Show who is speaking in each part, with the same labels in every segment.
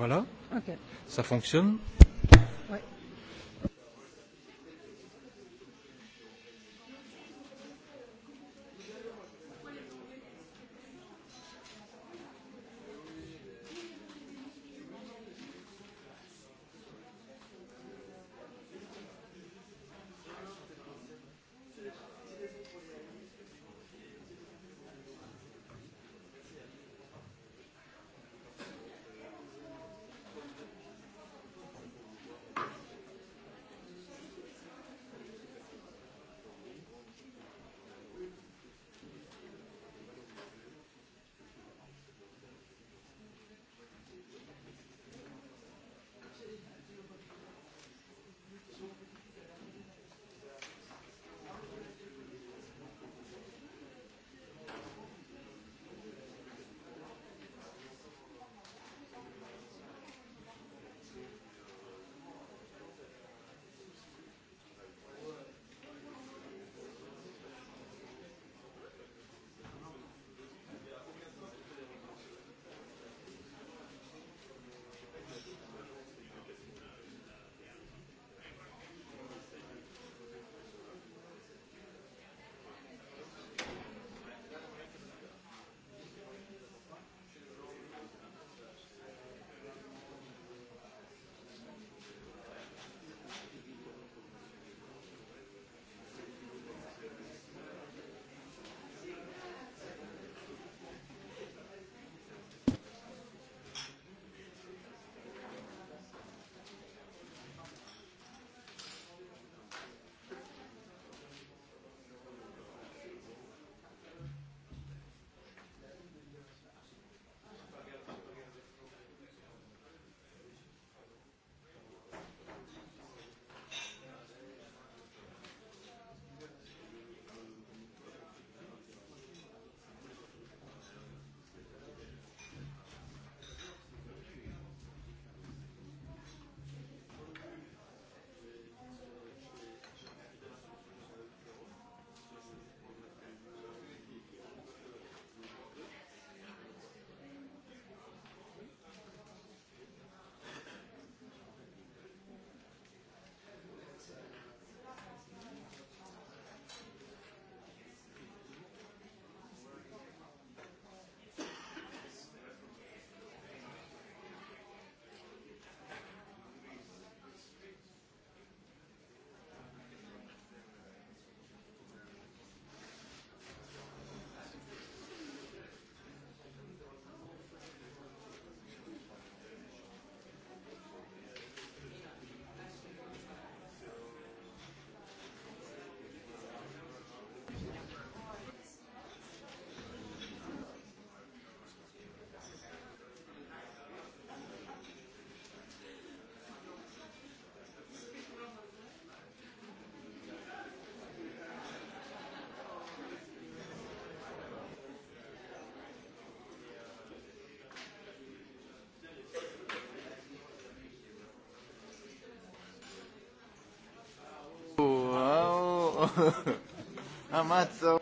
Speaker 1: Voilà. Ça fonctionne
Speaker 2: Αμάτσο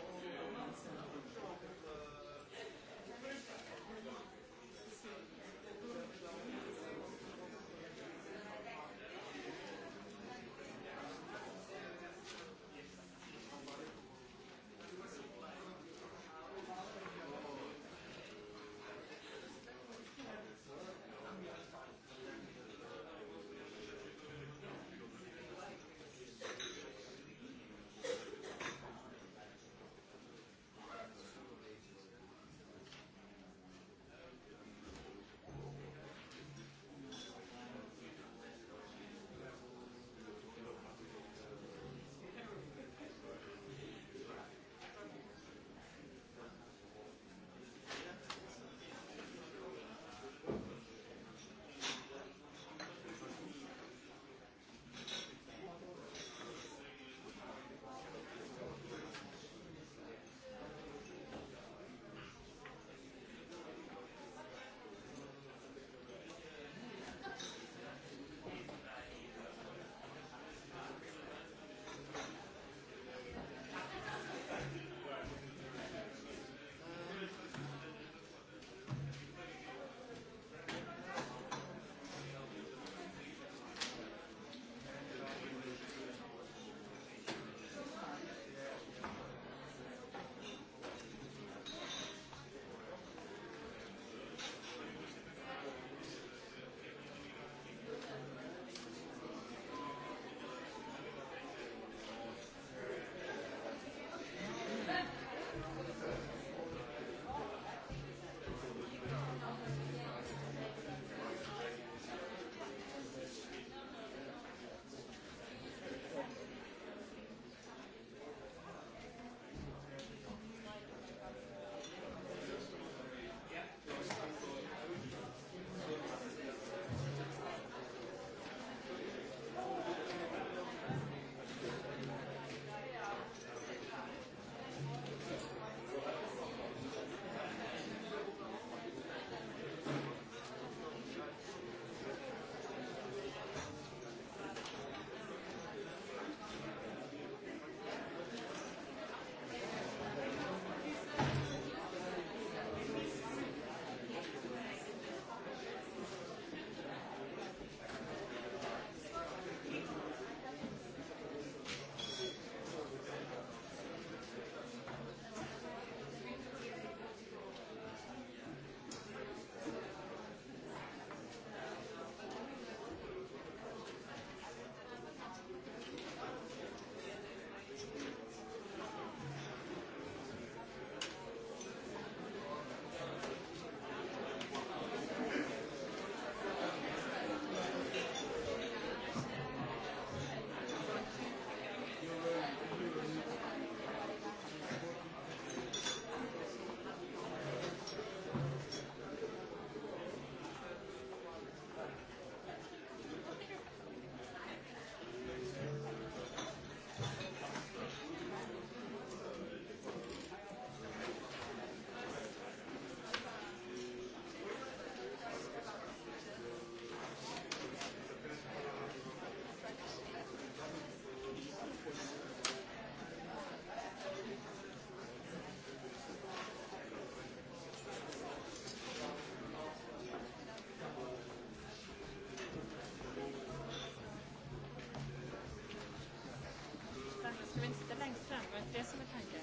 Speaker 3: längst fram, var det det som är tanken?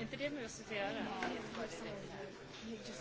Speaker 3: inte det med oss att göra? just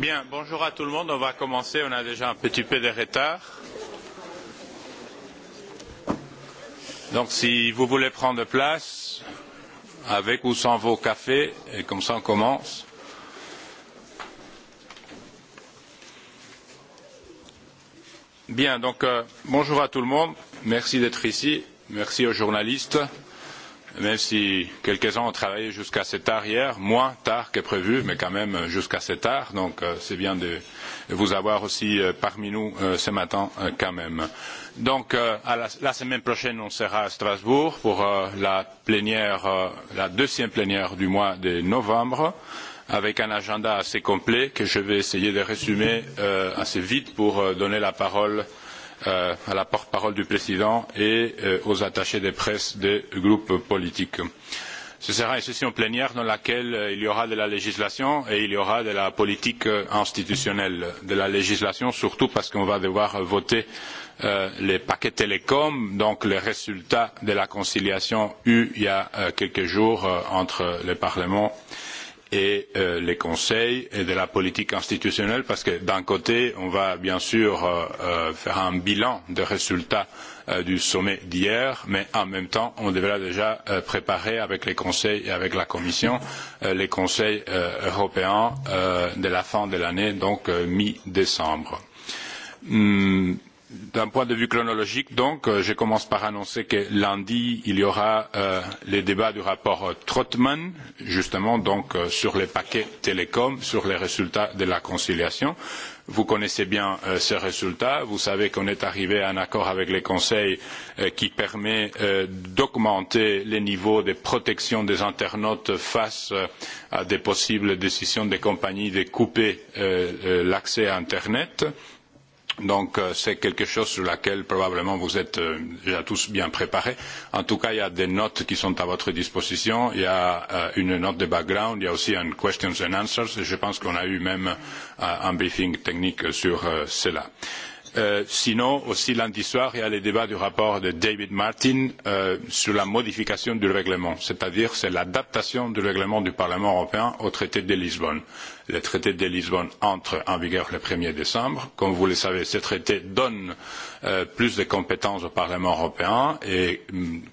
Speaker 1: Bien, bonjour à tout le monde. On va commencer. On a déjà un petit peu de retard. Donc, si vous voulez prendre place, avec ou sans vos cafés, et comme ça on commence. Bien, donc, bonjour à tout le monde. Merci d'être ici. Merci aux journalistes même si quelques-uns ont travaillé jusqu'à assez tard hier, moins tard que prévu, mais quand même jusqu'à assez tard. Donc c'est bien de vous avoir aussi parmi nous ce matin quand même. Donc la semaine prochaine, on sera à Strasbourg pour la plénière, la deuxième plénière du mois de novembre, avec un agenda assez complet que je vais essayer de résumer assez vite pour donner la parole à la porte-parole du président et aux attachés de presse des groupes politiques. Ce sera une session plénière dans laquelle il y aura de la législation et il y aura de la politique institutionnelle. De la législation surtout parce qu'on va devoir voter les paquets télécom, donc les résultats de la conciliation eue il y a quelques jours entre les Parlement et les conseils et de la politique institutionnelle parce que d'un côté on va bien sûr faire un bilan des résultats du sommet d'hier mais en même temps on devrait déjà préparer avec les conseils et avec la commission les conseils européens de la fin de l'année donc mi décembre D'un point de vue chronologique, donc, je commence par annoncer que lundi, il y aura les débats du rapport Trottmann, justement, donc, sur les paquets télécom, sur les résultats de la conciliation. Vous connaissez bien ces résultats. Vous savez qu'on est arrivé à un accord avec les conseils qui permet d'augmenter les niveaux de protection des internautes face à des possibles décisions des compagnies de couper l'accès à Internet Donc c'est quelque chose sur laquelle probablement vous êtes déjà tous bien préparés. En tout cas, il y a des notes qui sont à votre disposition. Il y a une note de background. Il y a aussi un questions and answers. Et je pense qu'on a eu même un briefing technique sur cela. Sinon, aussi lundi soir, il y a le débat du rapport de David Martin sur la modification du règlement, c'est-à-dire c'est l'adaptation du règlement du Parlement européen au traité de Lisbonne. Le traité de Lisbonne entre en vigueur le 1er décembre. Comme vous le savez, ce traité donne plus de compétences au Parlement européen et,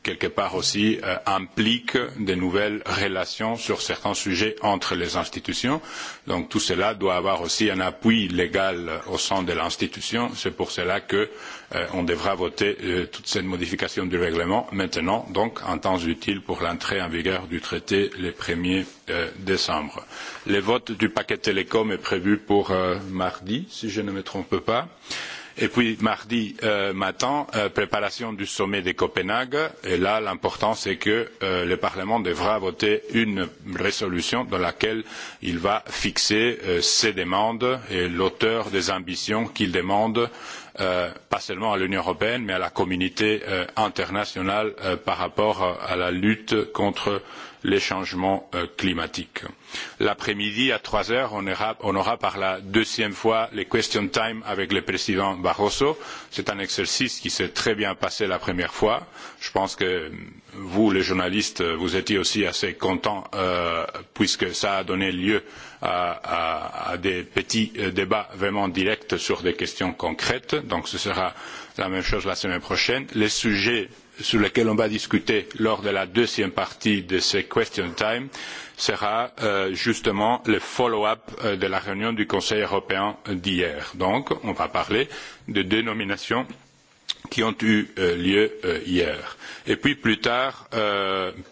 Speaker 1: quelque part aussi, implique de nouvelles relations sur certains sujets entre les institutions. Donc tout cela doit avoir aussi un appui légal au sein de l'institution. C'est pour cela qu'on devra voter toute cette modification du règlement maintenant, donc en temps utile pour l'entrée en vigueur du traité le 1er décembre. Le vote du paquet télécom est prévu pour mardi, si je ne me trompe pas. Et puis mardi matin, préparation du sommet de Copenhague. Et là, l'important, c'est que le Parlement devra voter une résolution dans laquelle il va fixer ses demandes et l'auteur des ambitions qu'il demande, pas seulement à l'Union européenne, mais à la communauté internationale par rapport à la lutte contre les changements climatiques. L'après-midi, à 3 heures, on aura par la deuxième fois les question time avec le président Barroso. C'est un exercice qui s'est très bien passé la première fois. Je pense que vous, les journalistes, vous étiez aussi assez contents puisque ça a donné lieu à des petits débats vraiment directs sur des questions concrètes. Donc ce sera la même chose la semaine prochaine. Les sujets sur lequel on va discuter lors de la deuxième partie de ce question time sera justement le follow-up de la réunion du Conseil européen d'hier. Donc, on va parler de deux qui ont eu lieu hier. Et puis plus tard,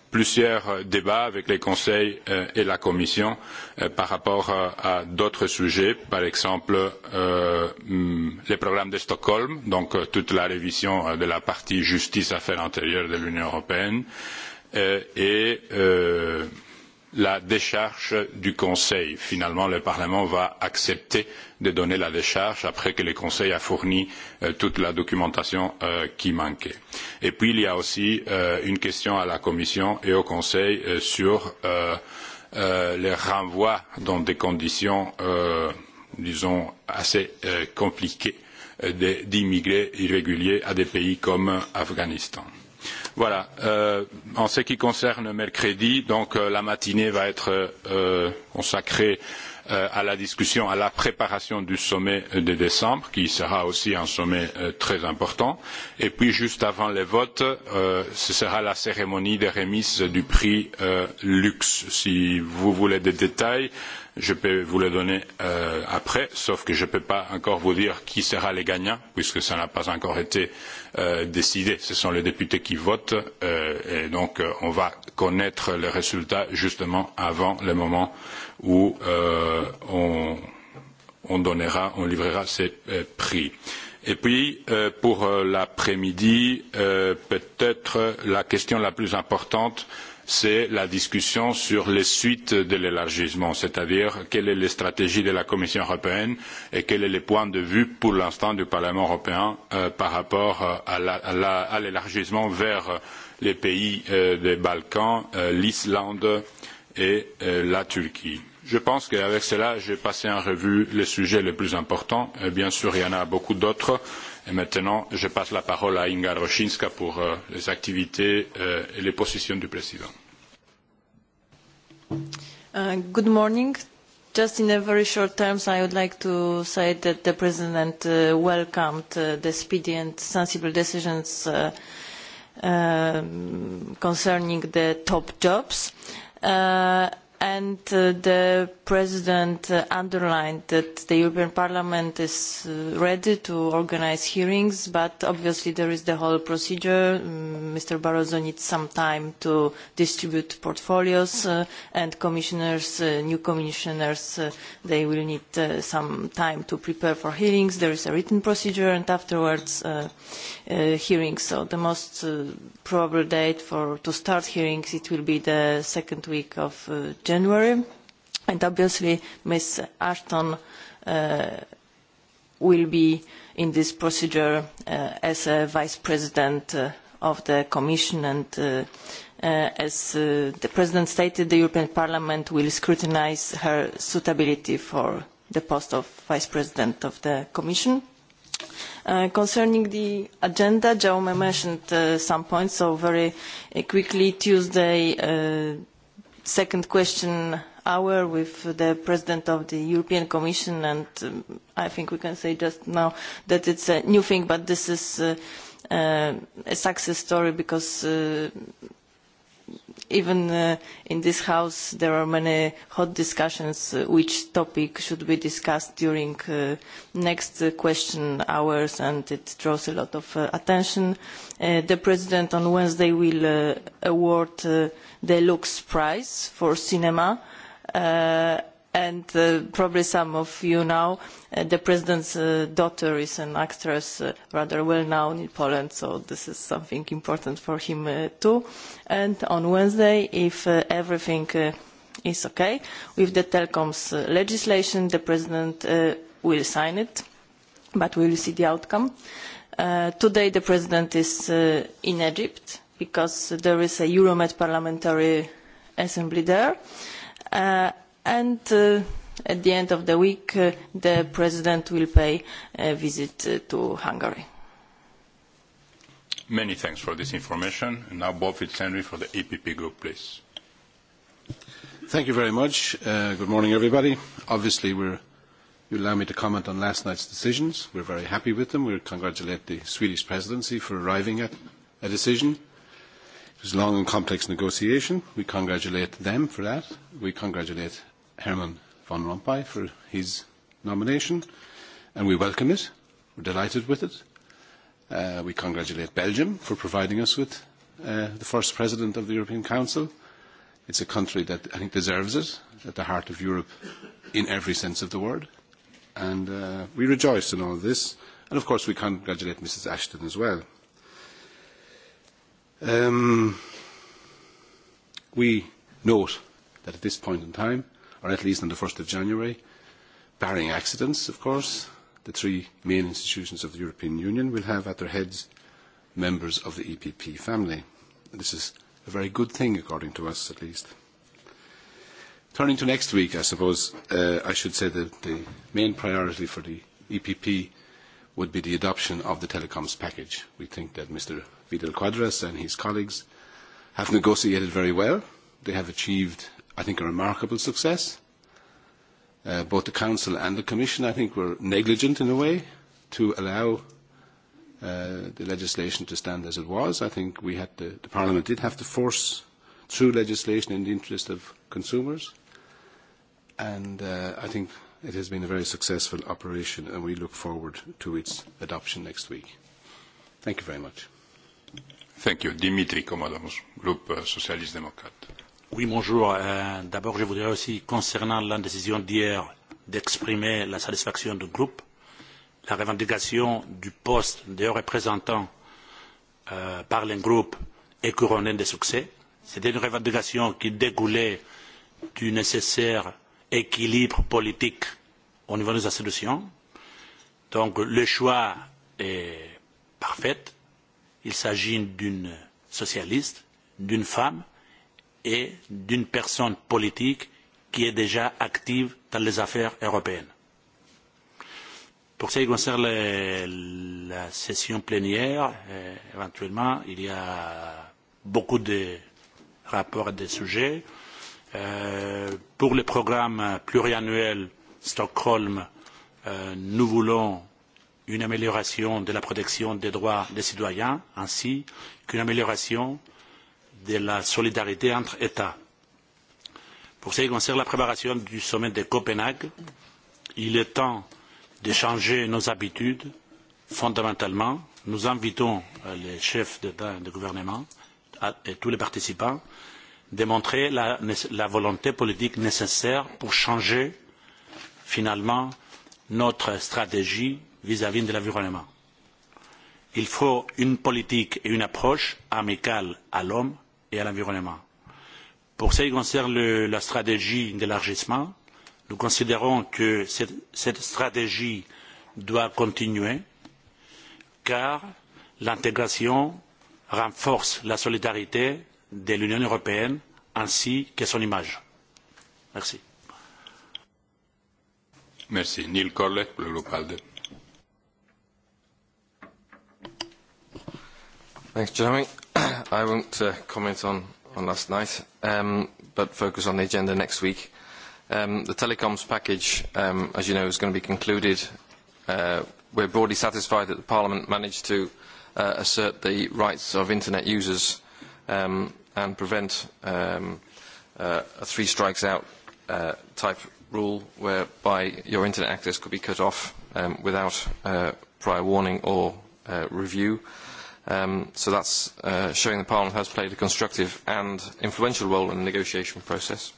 Speaker 1: plusieurs débats avec les conseils et la commission par rapport à d'autres sujets, par exemple les programmes de Stockholm, donc toute la révision de la partie justice affaires intérieures de l'Union européenne, et la décharge du Conseil. Finalement, le Parlement va accepter de donner la décharge après que le Conseil a fourni toute la documentation qui manquait. Et puis, il y a aussi une question à la Commission et au Conseil sur les renvois dans des conditions, disons, assez compliquées d'immigrés irréguliers à des pays comme Afghanistan. Voilà. En ce qui concerne mercredi, donc la matinée va être consacrée à la discussion, à la préparation du sommet de décembre, qui sera aussi un sommet très important. Et puis, juste avant les votes, ce sera la cérémonie de remise du prix Lux. Si vous voulez des détails, je peux vous les donner après, sauf que je ne peux pas encore vous dire qui sera les gagnants, puisque ça n'a pas encore été décidé. Ce sont les députés qui votent, et donc on va connaître les résultats justement avant le moment où on donnera, on livrera ces prix. Et puis, pour l'après-midi, peut-être la question la plus importante, c'est la discussion sur les suites de l'élargissement, c'est-à-dire quelle est la stratégie de la Commission européenne et quel est le point de vue pour l'instant du Parlement européen par rapport à l'élargissement vers les pays des Balkans, l'Islande et la Turquie. Je pense qu'avec cela, j'ai passé en revue les sujets les plus importants. Bien sûr, il y en a beaucoup d'autres. Et maintenant, je passe la parole à Inga Roshinska pour les activités et les positions du président.
Speaker 3: Good morning. Just in a very short terms, I would like to say that the President welcomed the speedy and sensible decisions concerning the top jobs and the president underlined that the european parliament is ready to organise hearings but obviously there is the whole procedure mr barroso needs some time to distribute portfolios and commissioners new commissioners they will need some time to prepare for hearings there is a written procedure and afterwards hearings so the most probable date for to start hearings it will be the second week of January. And obviously, Ms. Ashton will be in this procedure as a Vice President of the Commission. And as the President stated, the European Parliament will scrutinize her suitability for the post of Vice President of the Commission. Concerning the agenda, Jaume mentioned some points, so very quickly, Tuesday second question hour with the president of the European Commission, and I think we can say just now that it's a new thing, but this is a success story because even in this house there are many hot discussions which topic should be discussed during next question hours and it draws a lot of attention the president on wednesday will award the lux prize for cinema and probably some of you know the president's daughter is an actress rather well known in Poland so this is something important for him too and on Wednesday if everything is okay with the telecoms legislation the president will sign it but we will see the outcome today the president is in Egypt because there is a Euromed parliamentary assembly there and at the end of the week the president will pay a visit to hungary
Speaker 1: many thanks for this information and now bob fitzhenry for the epp group please
Speaker 4: thank you very much good morning everybody obviously we you allow me to comment on last night's decisions we're very happy with them we congratulate the swedish presidency for arriving at a decision It was a long and complex negotiation. We congratulate them for that. We congratulate Herman von Rompuy for his nomination, and we welcome it. We're delighted with it. We congratulate Belgium for providing us with the first President of the European Council. It's a country that I think deserves it, at the heart of Europe in every sense of the word. And we rejoice in all this. And, of course, we congratulate Mrs. Ashton as well. We note that at this point in time, or at least on the 1st of January, barring accidents, of course. The three main institutions of the European Union will have at their heads members of the EPP family. This is a very good thing, according to us, at least. Turning to next week, I suppose I should say that the main priority for the EPP would be the adoption of the telecoms package. We think that Mr. Vidal Quadras and his colleagues have negotiated very well. They have achieved I think, a remarkable success. Both the Council and the Commission, I think, were negligent in a way to allow the legislation to stand as it was. I think we had the Parliament did have to force through legislation in the interest of consumers, and I think it has been a very successful operation, and we look forward to its adoption next week. Thank you very much.
Speaker 1: Thank you. Dimitri Komodomos, Group
Speaker 4: Socialist Democrat. Oui, bonjour.
Speaker 5: D'abord, je voudrais aussi, concernant la décision d'hier d'exprimer la satisfaction du groupe, la revendication du poste de représentant par le groupe est couronnée de succès. C'était une revendication qui découlait du nécessaire équilibre politique au niveau des institutions. Donc, le choix est parfait. Il s'agit d'une socialiste, d'une femme et d'une personne politique qui est déjà active dans les affaires européennes. Pour ce qui concerne la session plénière, éventuellement, il y a beaucoup de rapports et de sujets. Pour le programme pluriannuel Stockholm, nous voulons une amélioration de la protection des droits des citoyens, ainsi qu'une amélioration de la solidarité entre États. Pour ce qui concerne la préparation du sommet de Copenhague, il est temps de changer nos habitudes fondamentalement. Nous invitons les chefs d'État et de gouvernement et tous les participants à montrer la volonté politique nécessaire pour changer finalement notre stratégie vis-à-vis de l'environnement. Il faut une politique et une approche amicale à l'homme et à l'environnement. Pour ce qui concerne la stratégie d'élargissement, nous considérons que cette stratégie doit continuer car l'intégration renforce la solidarité de l'Union européenne ainsi que son image.
Speaker 1: Merci. Merci. Neil le
Speaker 6: I won't comment on last night, but focus on the agenda next week. The telecoms package, as you know, is going to be concluded. We're broadly satisfied that Parliament managed to assert the rights of Internet users and prevent a three strikes out type rule whereby your Internet access could be cut off without prior warning or review. So that's showing that Parliament has played a constructive and influential role in the negotiation process.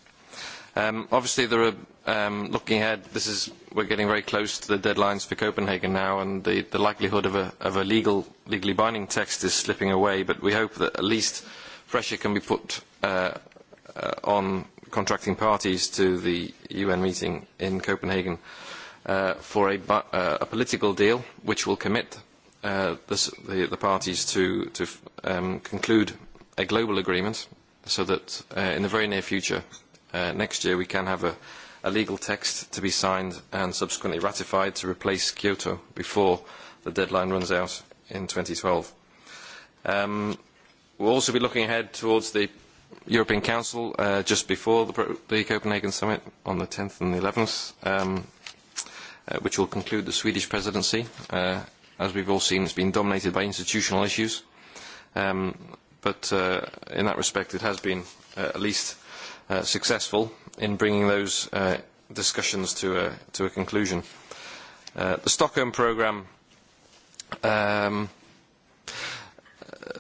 Speaker 6: Obviously, looking ahead. This is we're getting very close to the deadlines for Copenhagen now, and the likelihood of a legally binding text is slipping away. But we hope that at least pressure can be put on contracting parties to the UN meeting in Copenhagen for a political deal which will commit the parties to conclude a global agreement so that in the very near future, next year, we can have a legal text to be signed and subsequently ratified to replace Kyoto before the deadline runs out in 2012. will also be looking ahead towards the European Council just before the Copenhagen Summit on the 10th and the 11th, which will conclude the Swedish presidency as we've all seen, has been dominated by institutional issues. But in that respect, it has been at least successful in bringing those discussions to a conclusion. The Stockholm programme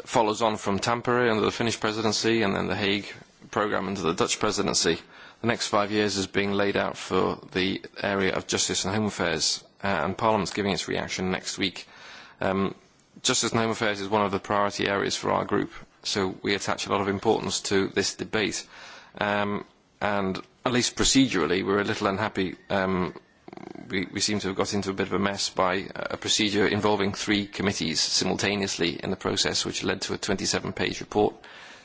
Speaker 6: follows on from Tampere under the Finnish presidency and then the Hague programme under the Dutch presidency. The next five years is being laid out for the area of justice and home affairs and Parliament's giving its reaction next week. Justice and Home Affairs is one of the priority areas for our group, so we attach a lot of importance to this debate. And at least procedurally, we're a little unhappy. We seem to have got into a bit of a mess by a procedure involving three committees simultaneously in the process, which led to a 27-page report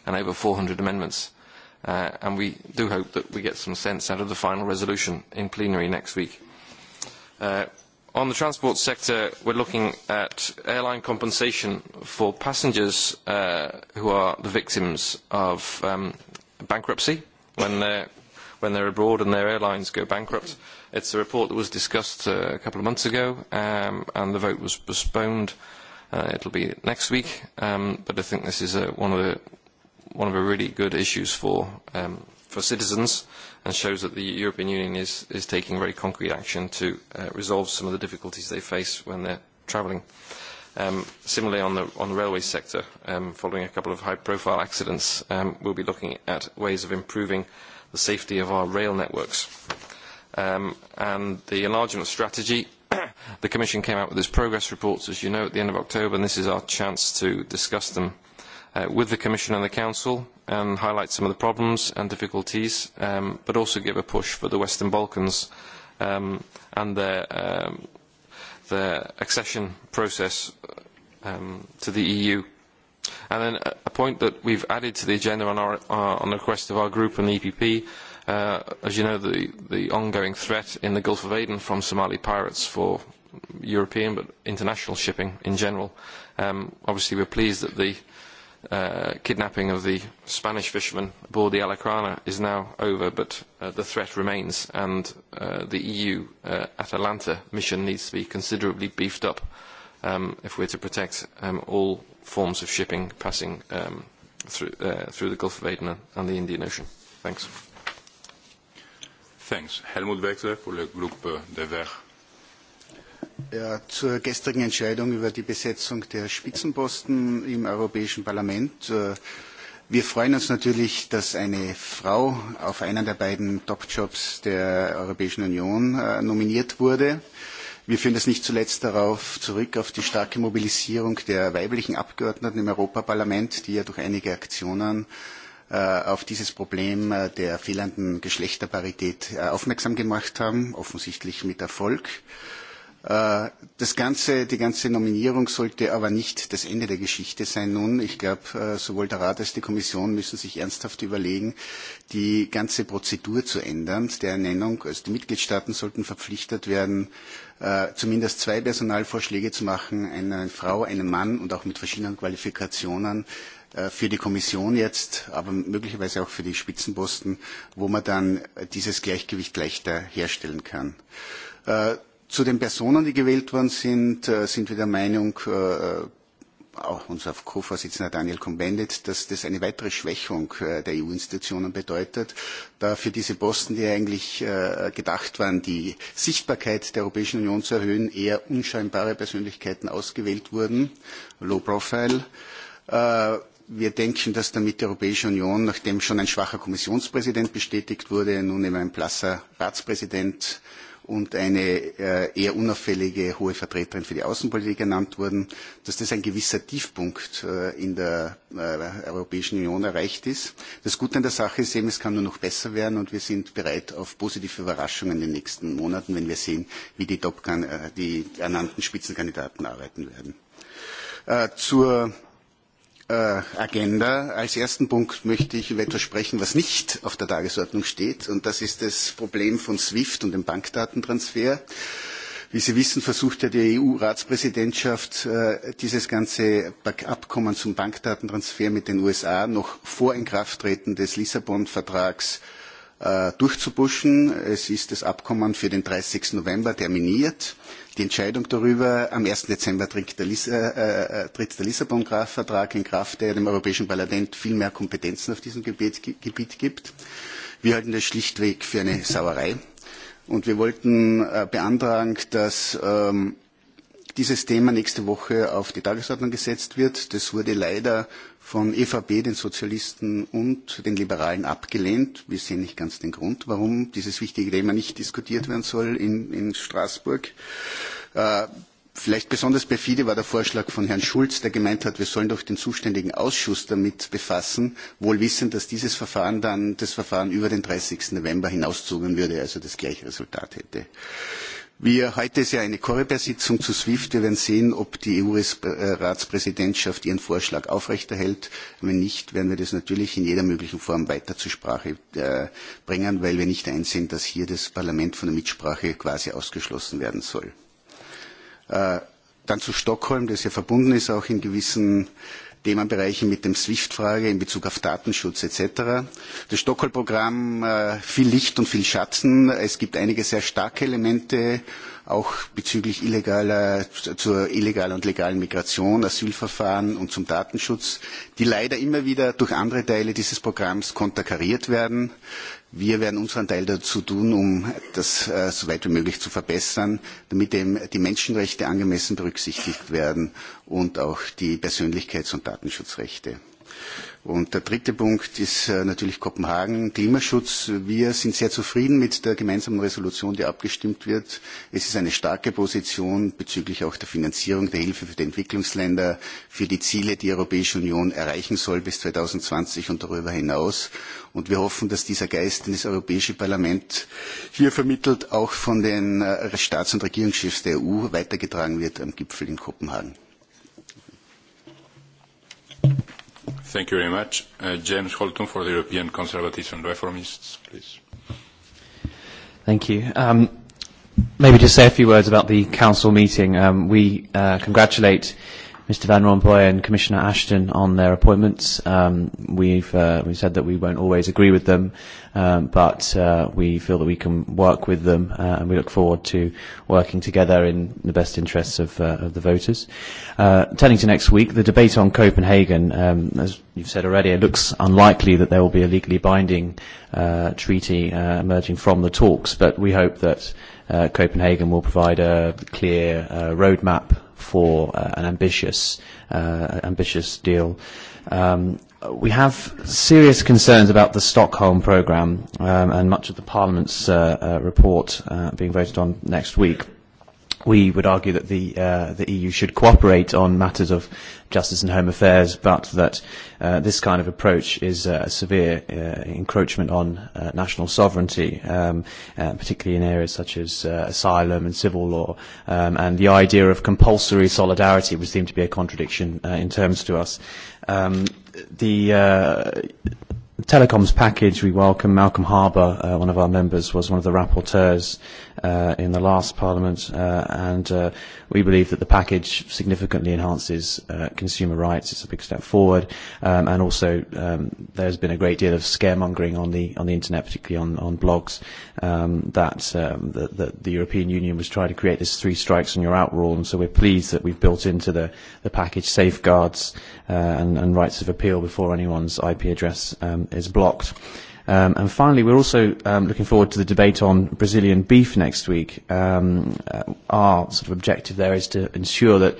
Speaker 6: and over 400 amendments. And we do hope that we get some sense out of the final resolution in plenary next week. On the transport sector, we're looking at airline compensation for passengers who are the victims of bankruptcy when they're abroad and their airlines go bankrupt. It's a report that was discussed a couple of months ago, and the vote was postponed. It'll be next week, but I think this is one of the really good issues for for citizens and shows that the European Union is is taking very concrete action to resolve some of the difficulties they face when they're travelling. Similarly on the on the railway sector, following a couple of high profile accidents, we'll be looking at ways of improving the safety of our rail networks. And the enlargement strategy the Commission came out with this progress reports, as you know, at the end of October, and this is our chance to discuss them with the Commission and the Council and highlight some of the problems and difficulties, but also give a push for the Western Balkans and their accession process to the EU. And then a point that we've added to the agenda on the request of our group and the EPP, as you know, the ongoing threat in the Gulf of Aden from Somali pirates for European but international shipping in general. Obviously, we're pleased that the kidnapping of the Spanish fishermen aboard the Alacrana is now over, but the threat remains, and the EU Atalanta mission needs to be considerably beefed up if we're to protect all forms of shipping passing through the Gulf of Aden and the Indian Ocean. Thanks.
Speaker 1: Thanks. Helmut de
Speaker 2: Zur gestrigen Entscheidung über die Besetzung der Spitzenposten im Europäischen Parlament. Wir freuen uns natürlich, dass eine Frau auf einen der beiden Top-Jobs der Europäischen Union nominiert wurde. Wir führen das nicht zuletzt darauf zurück, auf die starke Mobilisierung der weiblichen Abgeordneten im Parlament, die ja durch einige Aktionen auf dieses Problem der fehlenden Geschlechterparität aufmerksam gemacht haben, offensichtlich mit Erfolg. Das ganze, die ganze Nominierung sollte aber nicht das Ende der Geschichte sein. Nun, ich glaube, sowohl der Rat als die Kommission müssen sich ernsthaft überlegen, die ganze Prozedur zu ändern, der Ernennung. Also die Mitgliedstaaten sollten verpflichtet werden, zumindest zwei Personalvorschläge zu machen, eine Frau, einen Mann und auch mit verschiedenen Qualifikationen für die Kommission jetzt, aber möglicherweise auch für die Spitzenposten, wo man dann dieses Gleichgewicht leichter herstellen kann. Zu den Personen, die gewählt worden sind, sind wir der Meinung, auch unser Co-Vorsitzender Daniel cohn dass das eine weitere Schwächung der EU-Institutionen bedeutet, da für diese Posten, die eigentlich gedacht waren, die Sichtbarkeit der Europäischen Union zu erhöhen, eher unscheinbare Persönlichkeiten ausgewählt wurden, low profile. Wir denken, dass damit die Europäische Union, nachdem schon ein schwacher Kommissionspräsident bestätigt wurde, nun eben ein blasser Ratspräsident und eine eher unauffällige hohe Vertreterin für die Außenpolitik ernannt wurden, dass das ein gewisser Tiefpunkt in der Europäischen Union erreicht ist. Das Gute an der Sache ist eben, es kann nur noch besser werden und wir sind bereit auf positive Überraschungen in den nächsten Monaten, wenn wir sehen, wie die ernannten Spitzenkandidaten arbeiten werden. Zur Agenda. Als ersten Punkt möchte ich über etwas sprechen, was nicht auf der Tagesordnung steht, und das ist das Problem von SWIFT und dem Bankdatentransfer. Wie Sie wissen, versucht ja die EU-Ratspräsidentschaft, dieses ganze Abkommen zum Bankdatentransfer mit den USA noch vor Inkrafttreten des Lissabon-Vertrags durchzupuschen. Es ist das Abkommen für den 30. November terminiert. Die Entscheidung darüber, am 1. Dezember tritt der Lissabon-Vertrag in Kraft, der dem Europäischen Parlament viel mehr Kompetenzen auf diesem Gebiet gibt. Wir halten das schlichtweg für eine Sauerei. Und wir wollten beantragen, dass dieses Thema nächste Woche auf die Tagesordnung gesetzt wird. Das wurde leider von EVP, den Sozialisten und den Liberalen abgelehnt. Wir sehen nicht ganz den Grund, warum dieses wichtige Thema nicht diskutiert werden soll in Straßburg. Vielleicht besonders perfide war der Vorschlag von Herrn Schulz, der gemeint hat, wir sollen doch den zuständigen Ausschuss damit befassen, wohl wissend, dass dieses Verfahren dann das Verfahren über den 30. November hinauszogen würde, also das gleiche Resultat hätte. Wir heute ist ja eine Korrepersitzung zu SWIFT. Wir werden sehen, ob die EU-Ratspräsidentschaft ihren Vorschlag aufrechterhält. Wenn nicht, werden wir das natürlich in jeder möglichen Form weiter zur Sprache bringen, weil wir nicht einsehen, dass hier das Parlament von der Mitsprache quasi ausgeschlossen werden soll. Dann zu Stockholm, das ja verbunden ist auch in gewissen Themenbereiche mit dem SWIFT-Frage in Bezug auf Datenschutz etc. Das Stockholm-Programm viel Licht und viel Schatten. Es gibt einige sehr starke Elemente, auch bezüglich illegaler, zur illegalen und legalen Migration, Asylverfahren und zum Datenschutz, die leider immer wieder durch andere Teile dieses Programms konterkariert werden. Wir werden unseren Teil dazu tun, um das so weit wie möglich zu verbessern, damit eben die Menschenrechte angemessen berücksichtigt werden und auch die Persönlichkeits- und Datenschutzrechte. Und der dritte Punkt ist natürlich Kopenhagen. Klimaschutz. Wir sind sehr zufrieden mit der gemeinsamen Resolution, die abgestimmt wird. Es ist eine starke Position bezüglich auch der Finanzierung der Hilfe für die Entwicklungsländer, für die Ziele, die die Europäische Union erreichen soll bis 2020 und darüber hinaus. Und wir hoffen, dass dieser Geist, den das Europäische Parlament hier vermittelt, auch von den Staats- und Regierungschefs der EU weitergetragen wird am Gipfel in Kopenhagen.
Speaker 1: Thank you very much. James Holton for the European Conservatives and Reformists, please.
Speaker 7: Thank you. Maybe just say a few words about the council meeting. We congratulate Mr Van Rompuy and Commissioner Ashton on their appointments. We've we said that we won't always agree with them, but we feel that we can work with them and we look forward to working together in the best interests of of the voters. Turning to next week, the debate on Copenhagen, as you've said already, it looks unlikely that there will be a legally binding treaty emerging from the talks, but we hope that Copenhagen will provide a clear roadmap for an ambitious ambitious deal. We have serious concerns about the Stockholm programme and much of the Parliament's report being voted on next week we would argue that the the EU should cooperate on matters of justice and home affairs, but that this kind of approach is a severe encroachment on national sovereignty, particularly in areas such as asylum and civil law. And the idea of compulsory solidarity would seem to be a contradiction in terms to us. The telecoms package we welcome. Malcolm Harbour, one of our members, was one of the rapporteurs in the last Parliament, and we believe that the package significantly enhances consumer rights. It's a big step forward, and also there's been a great deal of scaremongering on the on the internet, particularly on on blogs, that the European Union was trying to create this three strikes and you're out rule, and so we're pleased that we've built into the the package safeguards and rights of appeal before anyone's IP address is blocked. And finally, we're also looking forward to the debate on Brazilian beef next week. Our sort of objective there is to ensure that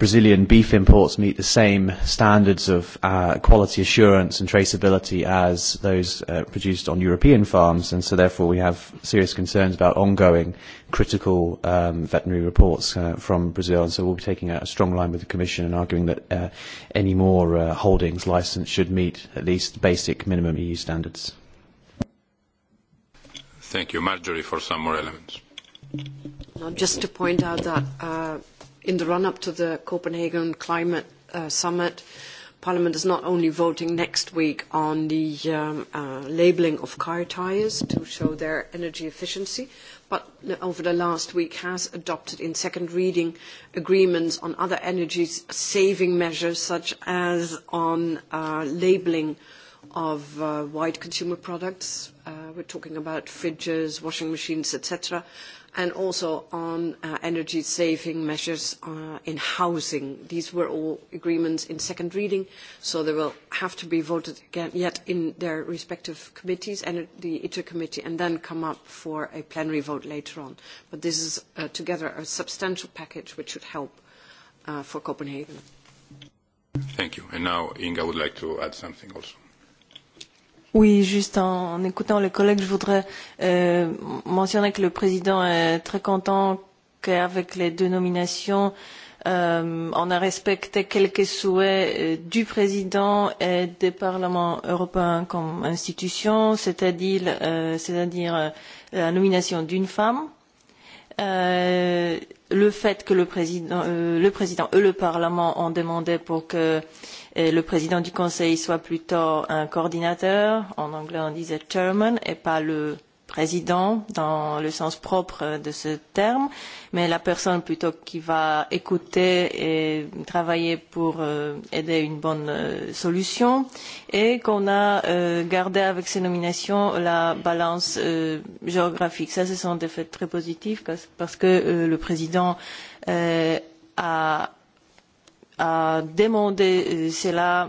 Speaker 7: Brazilian beef imports meet the same standards of quality assurance and traceability as those produced on European farms, and so therefore we have serious concerns about ongoing critical veterinary reports from Brazil, and so we'll be taking a strong line with the Commission and arguing that any more holdings license should meet at least basic minimum EU standards.
Speaker 1: Thank you. Marjorie, for some more elements.
Speaker 3: Just to point out that in the run-up to the Copenhagen Climate Summit, Parliament is not only voting next week on the labelling of car tyres to show their energy efficiency, but over the last week has adopted in second reading agreements on other energy saving measures such as on labelling of white consumer products. We're talking about fridges, washing machines, etc and also on energy saving measures in housing. These were all agreements in second reading, so they will have to be voted again yet in their respective committees and the ITER committee and then come up for a plenary vote later on. But this is together a substantial package which should help for Copenhagen.
Speaker 1: Thank you. And now Inga would like to add something also.
Speaker 3: Oui, juste en écoutant les collègues, je voudrais mentionner que le président est très content qu'avec les deux nominations, on a respecté quelques souhaits du président et des parlements européens comme institution, c'est-à-dire la nomination d'une femme le fait que le président et le parlement ont demandé pour que le président du conseil soit plutôt un coordinateur en anglais on disait chairman et pas le président dans le sens propre de ce terme, mais la personne plutôt qui va écouter et travailler pour aider une bonne solution et qu'on a gardé avec ces nominations la balance géographique. Ça, ce sont des faits très positifs parce que le président a demandé cela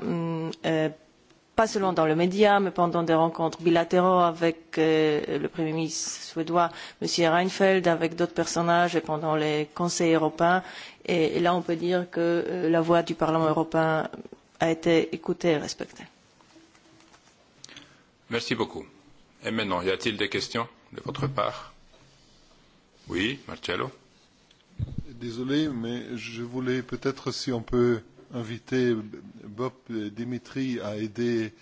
Speaker 3: pas seulement dans le média, mais pendant des rencontres bilatérales avec le Premier ministre suédois, M. Reinfeldt, avec d'autres personnages et pendant les conseils européens. Et là, on peut dire que la voix du Parlement européen a été écoutée et respectée.
Speaker 1: Merci beaucoup. Et maintenant, y a-t-il des questions de votre part Oui, Marcello.
Speaker 4: Désolé, mais je voulais peut-être si on peut invité Bob Dimitri à aider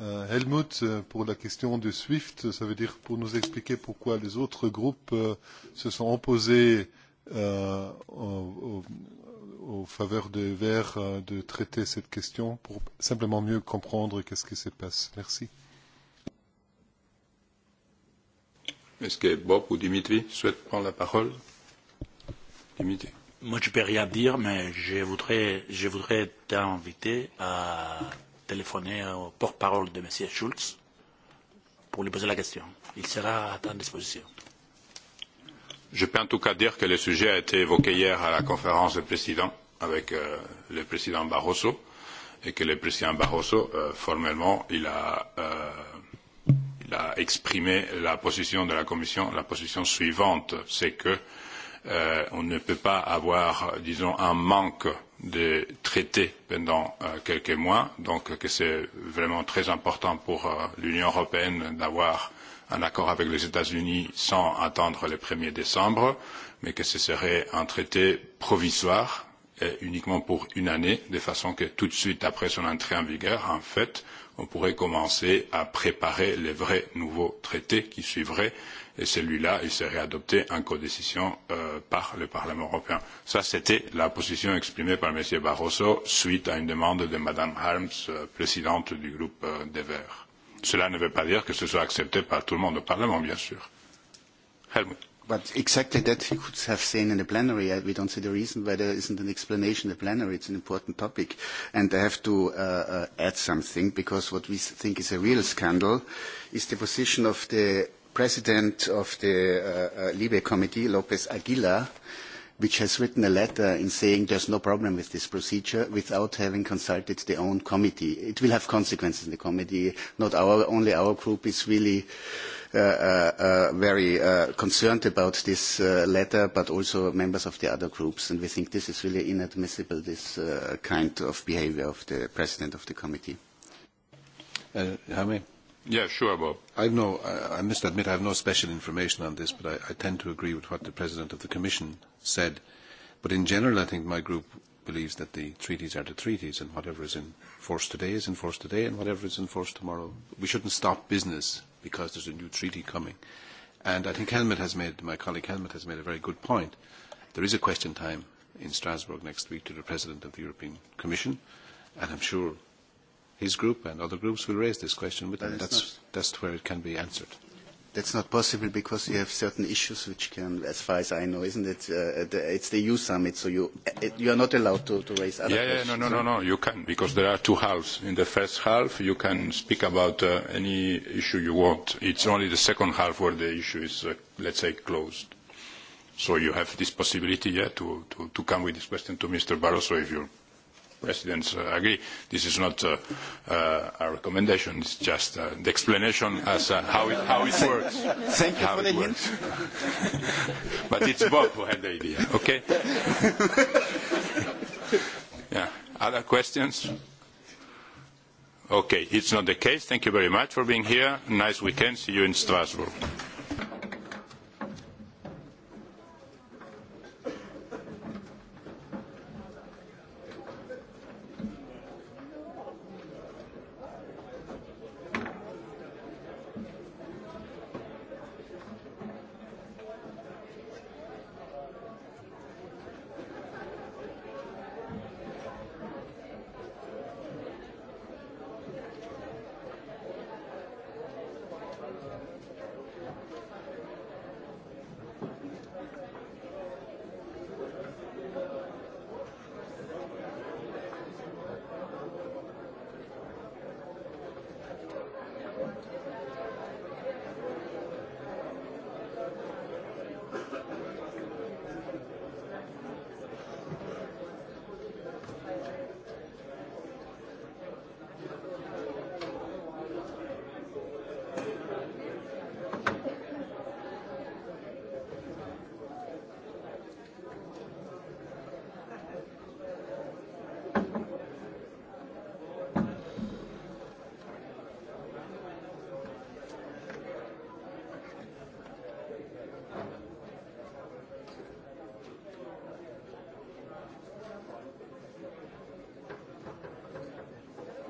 Speaker 4: Helmut pour la question de SWIFT. Ça veut dire pour nous expliquer pourquoi les autres groupes se sont opposés en faveur des Verts de traiter cette question pour simplement mieux comprendre qu'est-ce qui se passe. Merci.
Speaker 1: Est-ce que Bob ou Dimitri souhaitent prendre la parole
Speaker 5: Dimitri. Moi, je ne peux rien dire, mais je voudrais, je voudrais t'inviter à téléphoner au porte-parole de M. Schulz pour lui poser la question. Il sera à ta disposition.
Speaker 1: Je peux en tout cas dire que le sujet a été évoqué hier à la conférence des présidents avec le président Barroso et que le président Barroso, formellement, il a, il a exprimé la position de la Commission. La position suivante, c'est que on ne peut pas avoir, disons, un manque de traités pendant quelques mois, donc que c'est vraiment très important pour l'Union européenne d'avoir un accord avec les États-Unis sans attendre le 1er décembre, mais que ce serait un traité provisoire, et uniquement pour une année, de façon que tout de suite après son entrée en vigueur, en fait, on pourrait commencer à préparer les vrais nouveaux traités qui suivraient et celui là il serait adopté en codécision par le Parlement européen. Ça, c'était la position exprimée par M. Barroso suite à une demande de Mme Harms, présidente du groupe des Verts. Cela ne veut pas dire que ce soit accepté par tout le monde au Parlement, bien sûr.
Speaker 2: But exactly that you could have seen in the plenary. We don't see the reason why there isn't an explanation in the plenary. It's an important topic. And I have to add something, because what we think is a real scandal is the position of the president of the Libe Committee, Lopez Aguila, which has written a letter in saying there's no problem with this procedure without having consulted the own committee. It will have consequences in the committee. Not our, only our group is really very concerned about this letter, but also members of the other groups, and we think this is really inadmissible, this kind of behavior of the president
Speaker 4: of the committee. Jaime?
Speaker 1: Yeah, sure, Bob.
Speaker 4: I know, I must admit I have no special information on this, but I tend to agree with what the president of the Commission said. But in general, I think my group believes that the treaties are the treaties, and whatever is in force today is in force today, and whatever is in force tomorrow. We shouldn't stop business because there's a new treaty coming. And I think Helmut has made, my colleague Helmut has made a very good point. There is a question time in Strasbourg next week to the President of the European Commission, and I'm sure his group and other groups will raise this question, but that's, that's where it can be answered.
Speaker 2: That's not possible because you have certain issues which can, as far as I know, isn't it? It's the EU summit, so you are not allowed to raise other questions. Yeah, no, no, no,
Speaker 1: you can, because there are two halves. In the first half, you can speak about any issue you want. It's only the second half where the issue is, let's say, closed. So you have this possibility, yeah, to to come with this question to Mr. Barroso if you Presidents agree. This is not a recommendation. It's just the explanation as how it how it works. Thank you for the hint. But it's Bob who had the idea. Okay. Yeah. Other questions? Okay. It's not the case. Thank you very much for being here. Nice weekend. See you in Strasbourg.